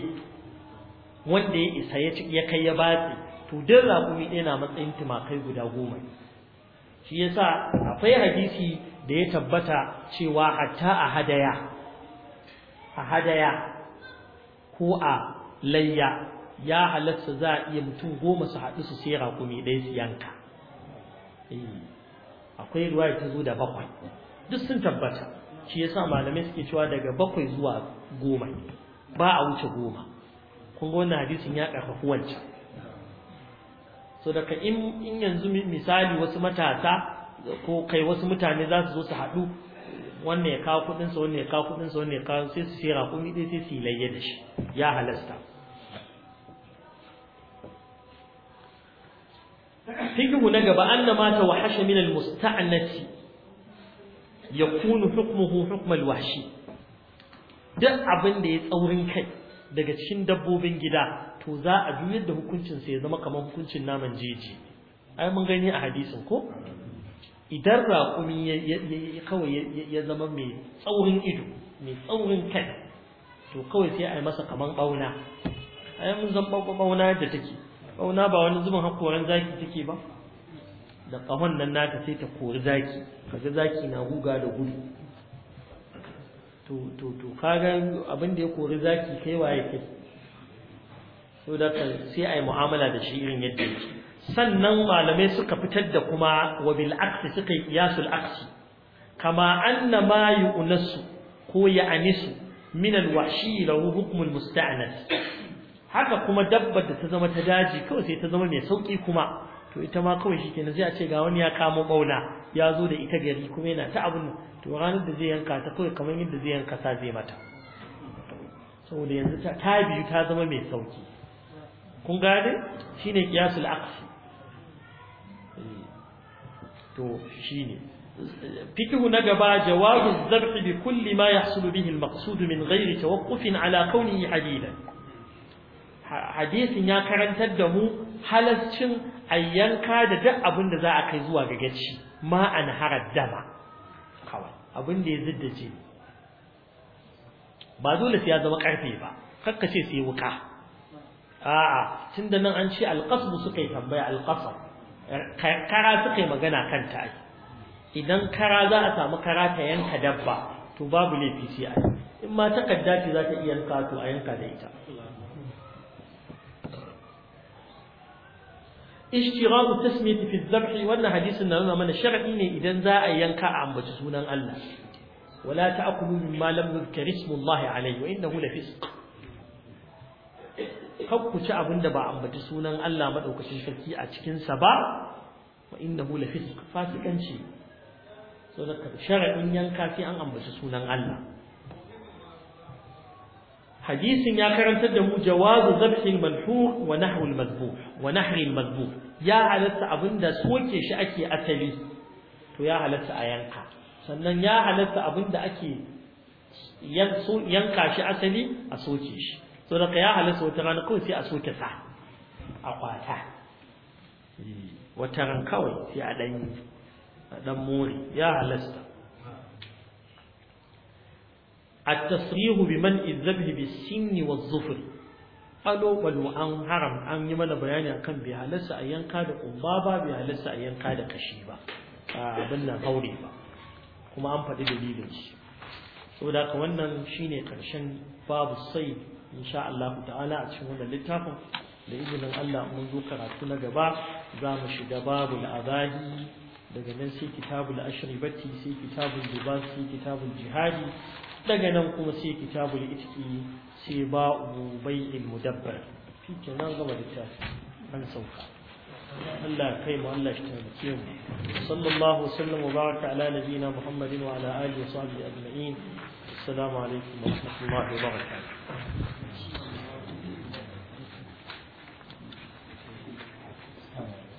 wanda ya isa ya ya kai ya batse to din raƙumi ɗaya na matsayin tumakai guda goma shi yasa akwai hadisi da ya tabbata cewa hatta a hadaya a hadaya ko a layya ya halatta za a iya mutum goma su haɗu su sai raƙumi ɗaya su yanka eh, akwai ruwa ta zo da bakwai duk sun tabbata shi yasa malamai suke cewa daga bakwai zuwa goma ba a wuce goma kun ga wannan hadisin ya ƙarfafi wancan so daga in yanzu misali wasu matasa ko kai wasu mutane za su zo su haɗu wannan ya kawo kuɗinsa wannan ya kawo kuɗinsa wannan ya kawo sai su sai raƙumi ɗaya sai su yi layya da shi ya halasta fiqhu na gaba annama tawahasha min almusta'nati yakunu hukmuhu hukm alwahshi duk abin da ya tsaurin kai daga cikin dabbobin gida to za a juyar da hukuncin sa ya zama kamar hukuncin naman jeji ai mun gani a hadisin ko idan raƙumi kawai ya zama mai tsaurin ido mai tsaurin kai to kawai sai a yi masa kaman bauna Ai mun zan ɓauna da take ƙauna ba wani zubin hakoran zaki take ba da ƙahon nan nata sai ta kori zaki kaga zaki na guga da gudu to to to kaga abin da ya kori zaki kai waye kai so da sai ai mu'amala da shi irin yadda yake sannan malamai suka fitar da kuma wa bil aqsi suka yi qiyasul aqsi kama anna ma yu'nasu ko ya'nisu min al wahshi lahu hukm al musta'nas haka kuma dabbar da ta zama ta daji kawai sai ta zama mai sauki kuma to ita ma kawai shi kenan sai a ce ga wani ya kama bauna ya zo da ita gari kuma yana ta abin to ranar da zai yanka ta kawai kamar yadda zai yanka sa zai mata saboda yanzu ta biyu ta zama mai sauki kun gane shine kiyasul aqsi to shine فكه zarfi bi kulli ma yahsulu bihi al المقصود min ghairi tawaqqufin ala kawnihi hadidan hadisin ya karantar da mu halascin ayyanka da duk abin da za a kai zuwa ga gaci ma an harar dama kawai abin da ya zidda ce ba dole sai ya zama karfe ba kakka ce sai wuka a'a tunda nan an ce alqasbu suka yi tambaya alqasab kara suka yi magana kanta ai idan kara za a samu kara ta yanka dabba to babu laifi sai a in ma takadda ce za ta iya yanka to a yanka da ita ishtira'u tasmiyati fi dhabhi wannan hadisin na nuna mana shar'i ne idan za a yanka a ambaci sunan Allah wala ta'kulu mimma lam yuzkar ismullahi alayhi wa innahu lafisq kakku ci abinda ba ambaci sunan Allah madaukakin sarki a cikin sa ba wa innahu lafisq fasikanci so da shar'in yanka sai an ambaci sunan Allah hadisin ya karantar da mu jawazu zabhil manhur wa nahwu al wa nahri al ya halatta abinda soke shi ake asali to ya halatta a yanka sannan ya halatta abinda ake yanka shi asali a soke shi so da ya halatta wata rana kawai sai a soke sa a kwata eh, wata ran kawai sai a dan dan more ya halatta التصريح بمنع الذبح بالسن والظفر alo balo an haram an yi mana bayani akan bai halarsa a yanka da kumba ba bai halarsa a yanka da kashi ba a abin nan haure ba kuma an faɗi dalilin shi saboda haka wannan shine karshen babu sai insha Allah ta'ala a cikin wannan littafin da izinin Allah mun zo karatu na gaba za mu shiga babu azahi daga nan sai kitabul ashribati sai kitabul libas sai kitabul jihadi daga nan kuma sai kitabul itiki sai ba ubai il mudabbar shi ke nan gama littafi an sauka Allah kai mu Allah shi taimake mu sallallahu wasallam wa baraka ala nabiyina muhammadin wa ala alihi wa sahbihi ajma'in assalamu alaikum wa rahmatullahi wa barakatuh